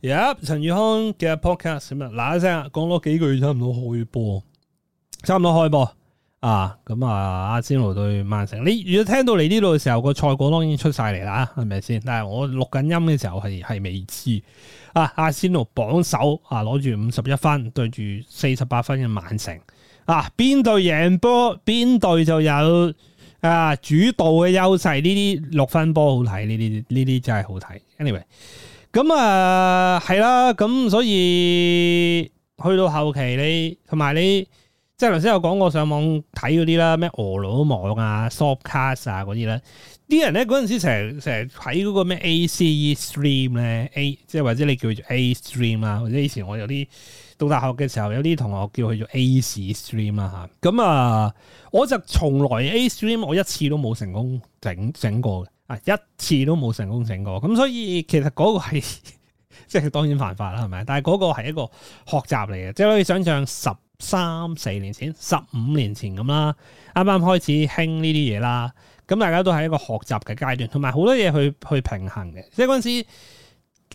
.耶！陳宇康嘅 podcast 咩？嗱一聲，講多幾句，差唔多開波，差唔多開波啊！咁、嗯、啊，阿仙奴對曼城，你如果聽到嚟呢度嘅時候，個賽果當然已經出晒嚟啦，係咪先？但係我錄緊音嘅時候係，係係未知啊！阿仙奴榜首啊，攞住五十一分對住四十八分嘅曼城啊，邊隊贏波，邊隊就有啊主導嘅優勢。呢啲六分波好睇，呢啲呢啲真係好睇。Anyway。咁啊，係啦、嗯，咁所以去到後期你同埋你，即係頭先有講過上網睇嗰啲啦，咩俄羅網啊、softcast 啊嗰啲咧，啲人咧嗰陣時成日成日睇嗰個咩 ace stream 咧，a 即係或者你叫佢做 a stream 啊，或者以前我有啲讀大學嘅時候有啲同學叫佢做 ace stream 啊。吓，咁啊，我就從來 a stream 我一次都冇成功整整過嘅。一次都冇成功整過，咁所以其實嗰個係即係當然犯法啦，係咪？但係嗰個係一個學習嚟嘅，即係可以想象十三四年前、十五年前咁啦，啱啱開始興呢啲嘢啦，咁大家都係一個學習嘅階段，同埋好多嘢去去平衡嘅。即係嗰陣時，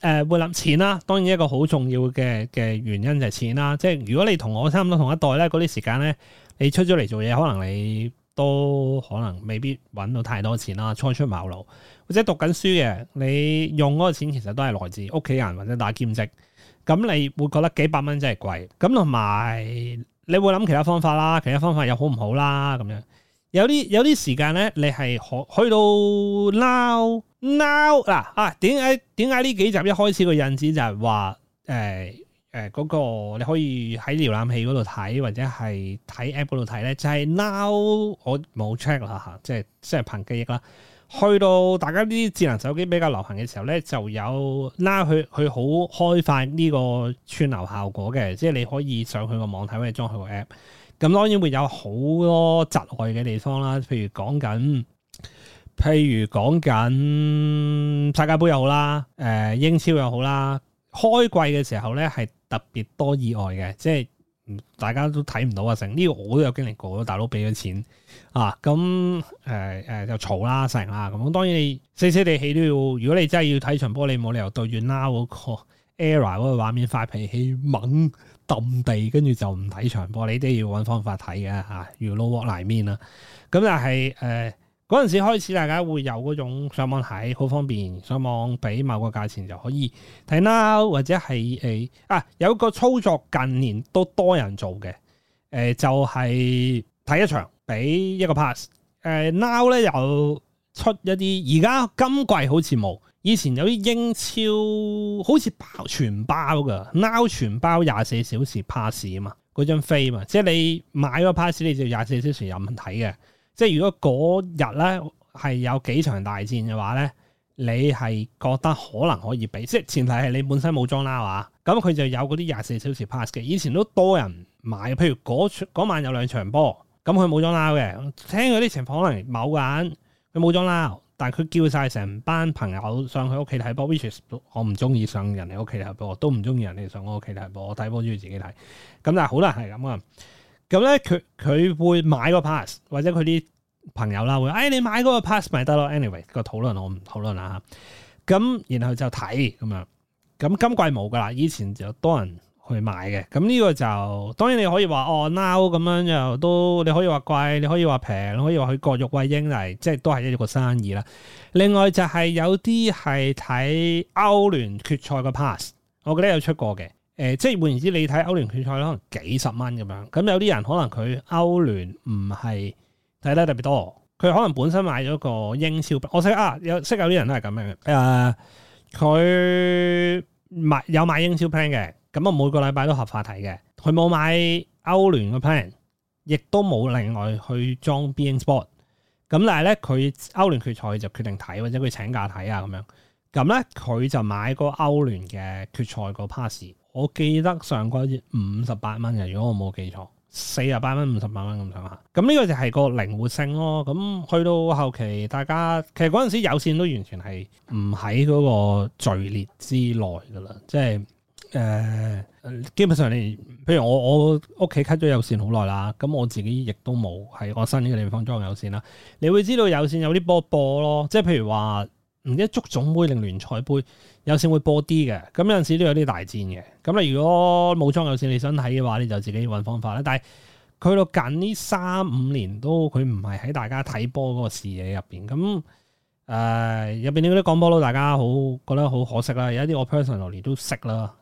誒會諗錢啦，當然一個好重要嘅嘅原因就係錢啦。即係如果你同我差唔多同一代咧，嗰啲時間咧，你出咗嚟做嘢，可能你，都可能未必揾到太多錢啦，初出茅廬或者讀緊書嘅，你用嗰個錢其實都係來自屋企人或者打兼職，咁你會覺得幾百蚊真係貴。咁同埋你會諗其他方法啦，其他方法又好唔好啦咁樣，有啲有啲時間咧，你係可去到 Now Now 嗱啊。點解點解呢幾集一開始個印子就係話誒？欸嗰、呃那個你可以喺瀏覽器嗰度睇，或者係睇 app 嗰度睇咧，就係、是、now 我冇 check 啦嚇，即係即係憑記憶啦。去到大家啲智能手機比較流行嘅時候咧，就有 now 佢佢好開發呢個串流效果嘅，即係你可以上佢個網睇或者裝佢個 app。咁當然會有好多窒礙嘅地方啦，譬如講緊，譬如講緊世界盃又好啦、呃，英超又好啦，開季嘅時候咧係。特別多意外嘅，即係大家都睇唔到啊！成呢個我都有經歷過，大佬俾咗錢啊，咁誒誒就嘈啦成啦咁，當然你死死地氣都要，如果你真係要睇場波，你冇理由對住嗱嗰個 error 嗰個畫面發脾氣，猛揼地，跟住就唔睇場波，你都要揾方法睇嘅吓，如 low 面啦，咁但係誒。嗰陣時開始，大家會有嗰種上網睇，好方便。上網俾某個價錢就可以睇 now，或者係啊有個操作近年都多人做嘅、呃，就係、是、睇一場俾一個 pass、呃。now 咧又出一啲，而家今季好似冇，以前有啲英超好似包全包噶，now 全包廿四小時 pass 啊嘛，嗰張飛嘛，即係你買個 pass 你就廿四小時入面睇嘅。即係如果嗰日咧係有幾場大戰嘅話咧，你係覺得可能可以畀，即係前提係你本身冇裝拉話、啊，咁佢就有嗰啲廿四小時 pass 嘅。以前都多人買，譬如嗰晚有兩場波，咁佢冇裝拉嘅。聽嗰啲情況可能某個人佢冇裝拉，但係佢叫晒成班朋友上去屋企睇波。which is 我唔中意上人哋屋企睇波，我都唔中意人哋上我屋企睇波，我睇波中意自己睇。咁但係好啦，係咁啊。咁咧，佢佢會買個 pass，或者佢啲朋友啦，會，哎，你買嗰個 pass 咪得咯。Anyway，個討論我唔討論啦嚇。咁，然後就睇咁樣。咁今季冇噶啦，以前就多人去買嘅。咁呢個就當然你可以話哦，Now 咁樣又都你可以話貴，你可以話平，你可以話佢割肉餵鷹嚟，即係都係一個生意啦。另外就係有啲係睇歐聯決賽個 pass，我記得有出過嘅。誒、呃，即係換言之，你睇歐聯決賽可能幾十蚊咁樣。咁有啲人可能佢歐聯唔係睇得特別多，佢可能本身買咗個英超。我識啊，有識有啲人都係咁樣嘅。誒、呃，佢有，有買英超 plan 嘅，咁啊每個禮拜都合法睇嘅。佢冇買歐聯嘅 plan，亦都冇另外去裝 beIN Sport。咁但係咧，佢歐聯決賽就決定睇，或者佢請假睇啊咁樣。咁咧佢就買個歐聯嘅決賽個 pass。我記得上個月五十八蚊嘅，如果我冇記錯，四十八蚊、五十八蚊咁上下。咁呢個就係個靈活性咯。咁去到後期，大家其實嗰陣時候有線都完全係唔喺嗰個序列之內嘅啦。即係誒、呃，基本上你，譬如我我屋企 cut 咗有線好耐啦，咁我自己亦都冇喺我新呢個地方裝有線啦。你會知道有線有啲波波咯，即係譬如話。唔知足總杯定聯賽杯有線會播啲嘅，咁、嗯、有陣時都有啲大戰嘅。咁、嗯、你如果冇裝有線，你想睇嘅話，你就自己揾方法啦。但係佢到近呢三五年都，佢唔係喺大家睇波嗰個視野入面。咁誒入面啲嗰啲講波佬，大家好覺得好可惜啦。有一啲我 personally 年都識啦，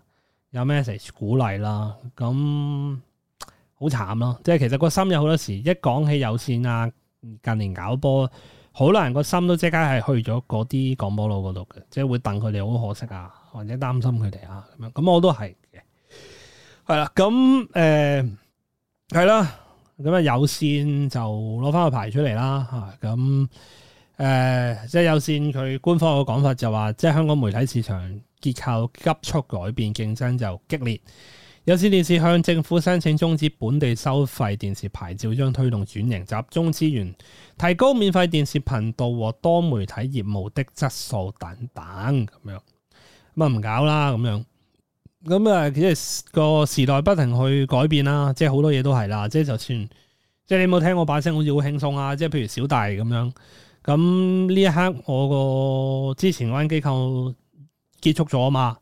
有 message 鼓勵啦，咁、嗯、好慘咯。即係其實個心有好多時，一講起有線啊，近年搞波。好多人個心都即刻係去咗嗰啲廣播路嗰度嘅，即係會等佢哋好可惜啊，或者擔心佢哋啊，咁樣，咁我都係嘅。係啦，咁誒係啦，咁、呃、啊有線就攞翻個牌出嚟啦，咁誒即係有線佢官方嘅講法就話，即係香港媒體市場結構急速改變，競爭就激烈。有線電視向政府申請終止本地收費電視牌照，將推動轉型，集中資源，提高免費電視頻道和多媒體業務的質素等等樣。咁樣咁啊唔搞啦，咁樣咁啊，其實個時代不停去改變啦。即係好多嘢都係啦。即係就算即係你有冇聽我把聲好似好輕鬆啊。即係譬如小弟咁樣。咁呢一刻我個之前嗰間機構結束咗啊嘛。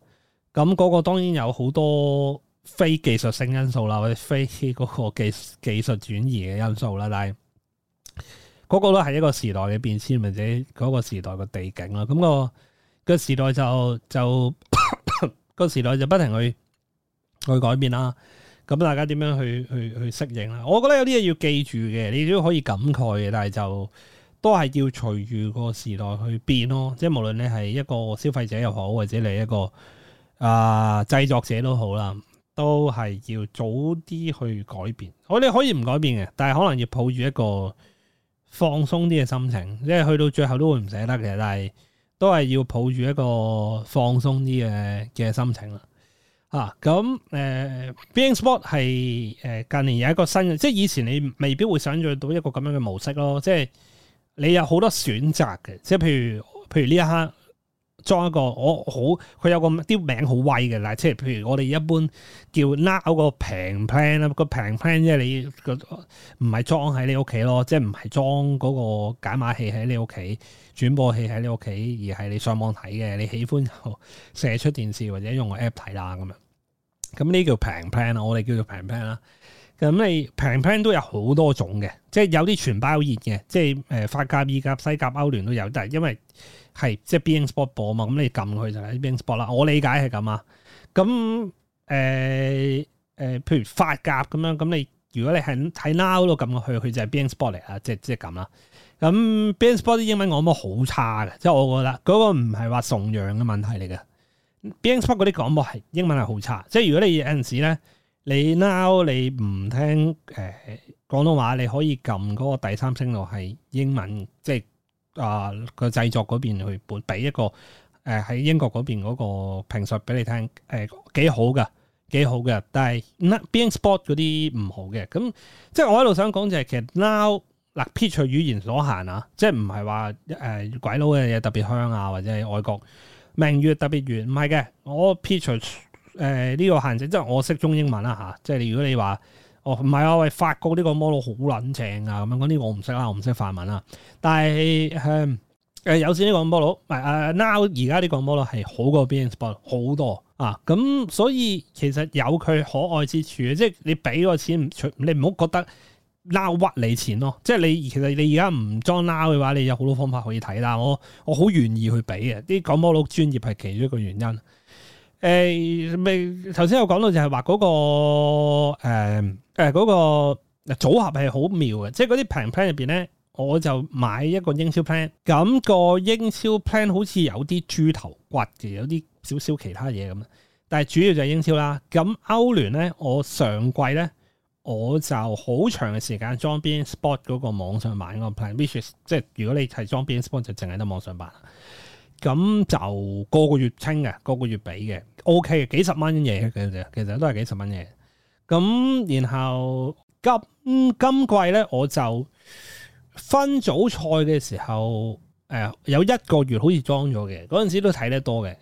咁嗰個當然有好多。非技術性因素啦，或者非嗰個技技術轉移嘅因素啦，但係嗰、嗰個都係一個時代嘅變遷，或者嗰個時代嘅地景啦。咁、嗰個、嗰個時代就就、 嗰個時代就不停去去改變啦。咁大家點樣去去去適應啦？我覺得有啲嘢要記住嘅，你都可以感慨嘅，但係就都係要隨住個時代去變咯。即、就、係、係、無論你係一個消費者又好，或者你一個啊製、呃、製作者都好啦。都係要早啲去改變，我哋可以唔改變嘅，但係可能要抱住一個放鬆啲嘅心情，即係去到最後都會唔捨得嘅，但係都係要抱住一個放鬆啲嘅嘅心情啦。咁、啊呃、beIN Sports 係、呃、近年有一個新嘅，即係以前你未必會想像到一個咁樣嘅模式咯，即係你有好多選擇嘅，即係譬如譬如呢一刻。裝一個我好，佢有個啲名好威嘅，嗱，即係譬如我哋一般叫嗱嗰個平 plan 啦，個平 plan 即係你唔係、就是、裝喺你屋企咯，即係唔係裝嗰個解碼器喺你屋企、轉播器喺你屋企，而係你上網睇嘅，你喜歡射出電視或者用個 app 睇啦咁樣，咁呢叫平 plan 我哋叫做平 plan 啦。咁你平 plan 都有好多種嘅，即係有啲全包熱嘅，即係誒法甲、意甲、西甲、歐聯都有，但係因為。係即係、就是、being sport 播啊嘛，咁你撳佢就係 being sport 啦。我理解係咁啊。咁誒誒，譬如發夾咁樣，咁你如果你係睇 now 都撳落去，佢就係 being sport 嚟啊，即即係咁啦。咁、就是、being sport 啲英文我覺得好差嘅，即係我覺得嗰個唔係話崇洋嘅問題嚟嘅。being sport 嗰啲講播係英文係好差，即、就、係、是、如果你有陣時咧，你 now 你唔聽誒、呃、廣東話，你可以撳嗰個第三聲道係英文，即係。啊！個製作嗰邊去俾一個誒喺、呃、英國嗰邊嗰個評述俾你聽，誒幾好嘅，幾好嘅，但係、呃、Being Sport 嗰啲唔好嘅，咁即係我喺度想講就係、是、其實 now 嗱 picture 語言所限啊，即係唔係話誒鬼佬嘅嘢特別香啊，或者係外國明月特別圓，唔係嘅，我 picture 誒呢個限制，即係我識中英文啦嚇、啊，即係如果你話。哦，唔係啊，喂，法國呢個 model 好撚正啊，咁樣嗰啲我唔識啊，我唔識法文啊。但係、嗯呃、有線呢個 model，唔係、呃、now 而家呢個 model 係好過 beIN Sport model 好多啊。咁所以其實有佢可愛之處，即係你俾個錢，你唔好覺得 now 屈你錢咯。即係你其實你而家唔裝 now 嘅話，你有好多方法可以睇啦。我我好願意去俾嘅，啲講 model 專業係其中一個原因。誒咪頭先我講到就係話嗰個誒嗰、呃呃嗰個、組合係好妙嘅，即係嗰啲平 plan 入面咧，我就買一個英超 plan，咁個英超 plan 好似有啲豬頭骨嘅，有啲少少其他嘢咁，但係主要就係英超啦。咁歐聯咧，我上季咧我就好長嘅時間裝邊 spot 嗰個網上買嗰個 plan，which is 即係如果你係裝邊 spot 就淨係得網上買。咁就個個月清嘅，個個月俾嘅。O、okay, K，幾十蚊嘢其實其實都係幾十蚊嘢。咁然後今、嗯、今季咧我就分組賽嘅時候，誒、呃、有一個月好似裝咗嘅，嗰陣時候都睇得多嘅。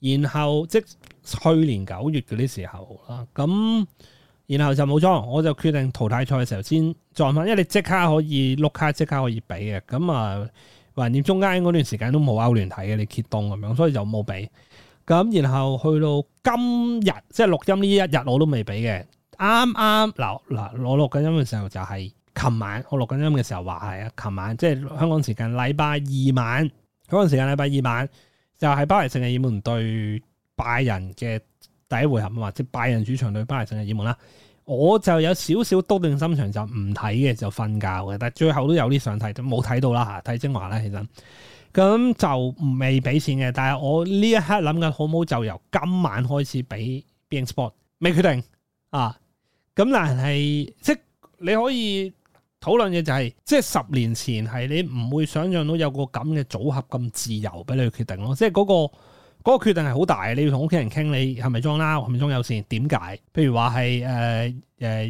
然後即去年九月嗰啲時候啦，咁然後就冇裝，我就決定淘汰賽嘅時候先裝翻，因為你即刻可以碌卡，即刻可以畀嘅。咁啊，橫、呃、掂中間嗰段時間都冇歐聯睇嘅，你揭動咁樣，所以就冇畀。咁然後去到今日，即係錄音呢一日我都未俾嘅。啱啱嗱嗱，我錄緊音嘅時候就係琴晚，我錄緊音嘅時候話係啊，琴晚即係香港時間禮拜二晚香港時間，禮拜二晚就係巴黎聖日耳門對拜仁嘅第一回合啊嘛，即係拜仁主場對巴黎聖日耳門啦。我就有少少篤定心腸就，就唔睇嘅，就瞓覺嘅。但最後都有啲想睇，就冇睇到啦，睇精華啦，其實。咁就未俾錢嘅，但係我呢一刻諗緊，好唔好就由今晚開始俾 beIN Sport？未決定啊！咁但係即係你可以討論嘅就係、是，即係十年前係你唔會想象到有個咁嘅組合咁自由俾你去決定咯。即係嗰、那個嗰、那個、決定係好大，你要同屋企人傾，你係咪裝啦？係咪裝有線？點解？譬如話係、呃、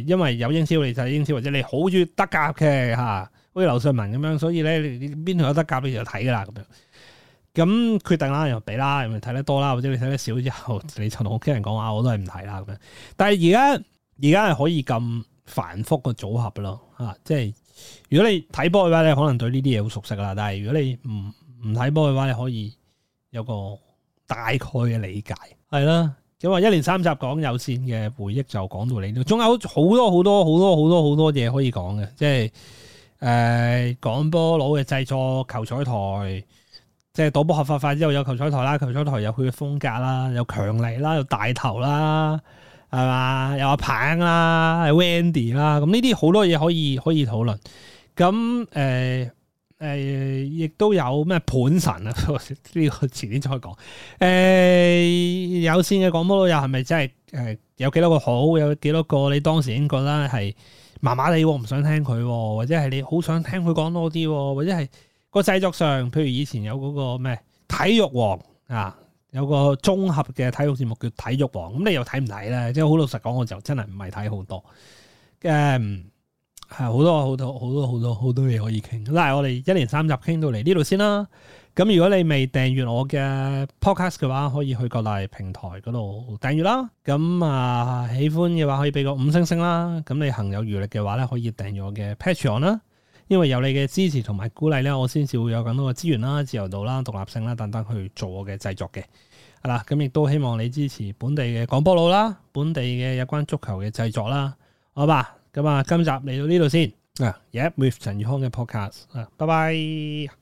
因為有英超你就係英超，或者你好鍾意德甲嘅劉瑞文咁樣，所以咧你邊度有得夾你就睇噶啦咁樣。咁決定啦，又俾啦，睇得多啦，或者你睇得少之後，你你同屋企人講話，我都係唔睇啦咁樣。但係而家而家係可以咁繁複嘅組合咯，吓、啊，即係如果你睇波嘅話你可能對呢啲嘢好熟悉啦。但係如果你唔唔睇波嘅話，你可以有個大概嘅理解係啦。咁啊，一連三集講有綫嘅回憶就講到你。仲有好多好多好多好多好多嘢可以講嘅，即係。誒，廣播佬嘅製作球彩台，即係賭波合法化之後有球彩台啦，球彩台有佢嘅風格啦，有強力啦，有大頭啦，係嘛？有阿棒啦，有 Wendy 啦，咁呢啲好多嘢可以可以討論。咁誒誒亦都有咩盤神啊？呢 個遲啲再講。誒、呃、有線嘅廣播佬又係咪真係有幾多個好？有幾多個你當時已經覺得係？麻麻地，我唔想聽佢，或者係你好想聽佢講多啲，或者係個製作上，譬如以前有嗰個咩體育王啊，有個綜合嘅體育節目叫體育王，咁、嗯、你又睇唔睇咧？即係好老實講，我就真係唔係睇好多。誒、嗯，係好多好多好多好多好多嘢可以傾，但係我哋一連三集傾到嚟呢度先啦。咁如果你未訂閱我嘅 podcast 嘅話，可以去各大平台嗰度訂閱啦。咁啊，喜歡嘅話可以俾個五星星啦。咁你行有餘力嘅話咧，可以訂閱我嘅 Patreon 啦。因為有你嘅支持同埋鼓勵咧，我先至會有更多嘅資源啦、自由度啦、獨立性啦等等去做我嘅製作嘅。係啦，咁、嗯、亦都希望你支持本地嘅廣播佬啦、本地嘅有關足球嘅製作啦。好吧，咁啊，今集嚟到呢度先。啊，Yep，with 陳宇康嘅 podcast。拜拜。